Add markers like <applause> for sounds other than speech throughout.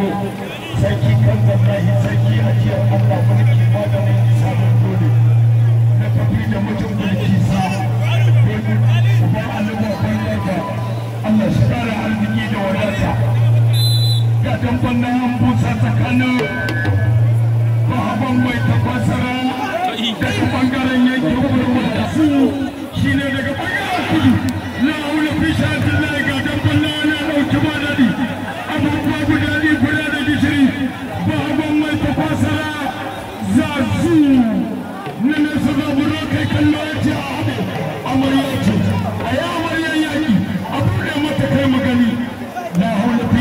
dodo sarki kan wallahi sarki a Allah mulki ba da mun isa da dole na tafi da mutum mulki sa dole uban al'umma kan daga Allah shi da wadata ga dan bannan an busa tsakanin a mai tabbasara da ta bangaren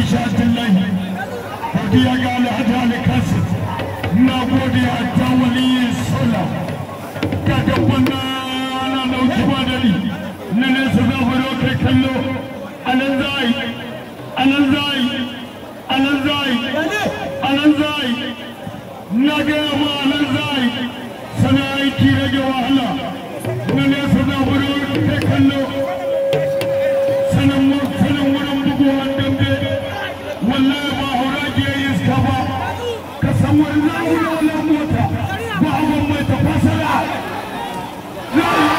sha Allahi godiya ga alhaji alkasir na gode a ta waliyin sola ga gaban na ana dauki ba dari na nesa za ku zo kai kallo anan zai anan zai anan zai anan zai na ga ma anan zai sana aiki rage wahala na nesa za ku zo kai kallo Go! <laughs>